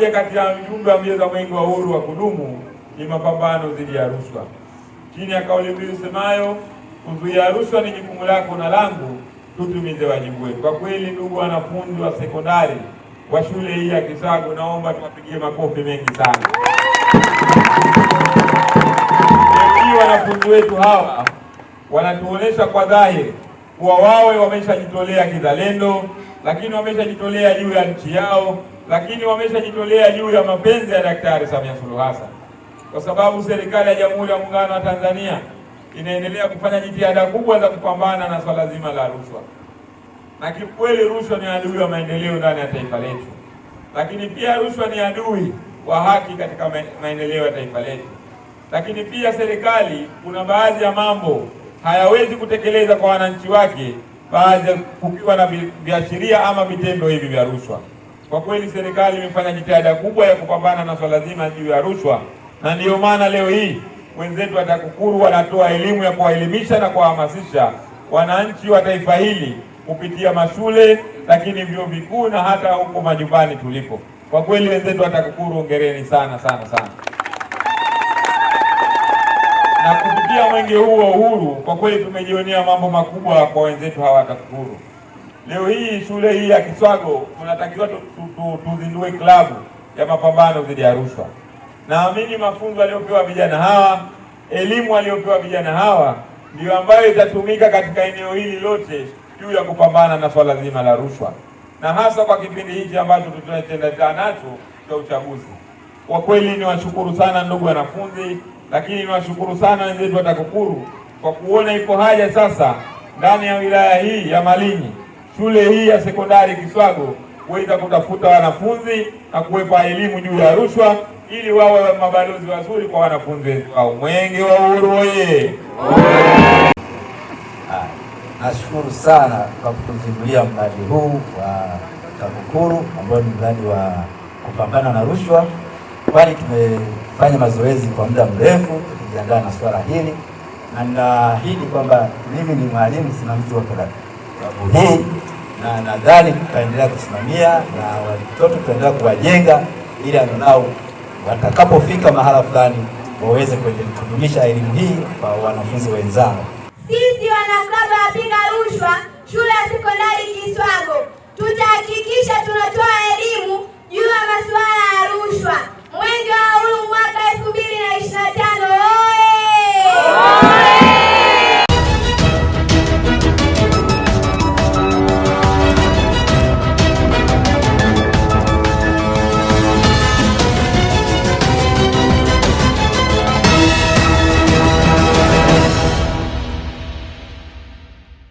Moja kati ya mjumbe wa mbio za mwenge wa uhuru wa kudumu ni mapambano dhidi ya rushwa, chini ya kauli mbiu semayo kuzuia rushwa ni jukumu lako na langu, tutumize wajibu wetu. Kwa kweli, ndugu wanafunzi wa sekondari wa shule hii ya kisago naomba tuwapigie makofi mengi sana wanafunzi wetu hawa wanatuonesha kwa dhahiri kuwa wawe wameshajitolea kizalendo, lakini wameshajitolea juu ya nchi yao, lakini wameshajitolea juu ya mapenzi ya Daktari Samia Suluhu Hassan, kwa sababu serikali ya Jamhuri ya Muungano wa Tanzania inaendelea kufanya jitihada kubwa za kupambana na swala zima la rushwa, na kiukweli rushwa ni adui wa maendeleo ndani ya taifa letu, lakini pia rushwa ni adui wa haki katika maendeleo ya taifa letu. Lakini pia serikali, kuna baadhi ya mambo hayawezi kutekeleza kwa wananchi wake, baada kukiwa na viashiria ama vitendo hivi vya rushwa. Kwa kweli, serikali imefanya jitihada kubwa ya kupambana na swala zima juu ya rushwa, na ndiyo maana leo hii wenzetu wa TAKUKURU wanatoa elimu ya kuwaelimisha na kuwahamasisha wananchi wa taifa hili kupitia mashule, lakini vyuo vikuu na hata huko majumbani tulipo. Kwa kweli, wenzetu wa TAKUKURU, ongereni sana sana sana na kupitia mwenge huu wa uhuru, kwa kweli tumejionea mambo makubwa kwa wenzetu hawa TAKUKURU. Leo hii shule hii ya Kiswago tunatakiwa tuzindue klabu ya mapambano dhidi ya rushwa. Naamini mafunzo aliyopewa vijana hawa, elimu aliyopewa vijana hawa ndiyo ambayo itatumika katika eneo hili lote juu ya kupambana na swala zima la rushwa, na hasa kwa kipindi hiki ambacho tunatenda nacho cha uchaguzi. Kwa kweli ni washukuru sana ndugu wanafunzi. Lakini niwashukuru sana wenzetu wa TAKUKURU kwa kuona iko haja sasa ndani ya wilaya hii ya Malinyi shule hii ya sekondari Kiswago kuweza kutafuta wanafunzi na kuwepa elimu juu ya rushwa ili wawe mabalozi wazuri kwa wanafunzi wetu Mwenge wa Uhuru oye! Nashukuru sana kwa kutuzindulia mradi huu wa TAKUKURU ambao ni mradi wa kupambana na rushwa kwani tumefanya mazoezi kwa muda mrefu tukijiandaa na swala hili, na ninaahidi kwamba mimi ni mwalimu, sina mtu wa klabu hii, na nadhani tutaendelea kusimamia na watoto tutaendelea kuwajenga, ili angalau watakapofika mahala fulani waweze kudumisha elimu hii kwa wanafunzi wenzao. Sisi wanaklabu ya pinga rushwa shule ya sekondari Kiswago tutahakikisha tuna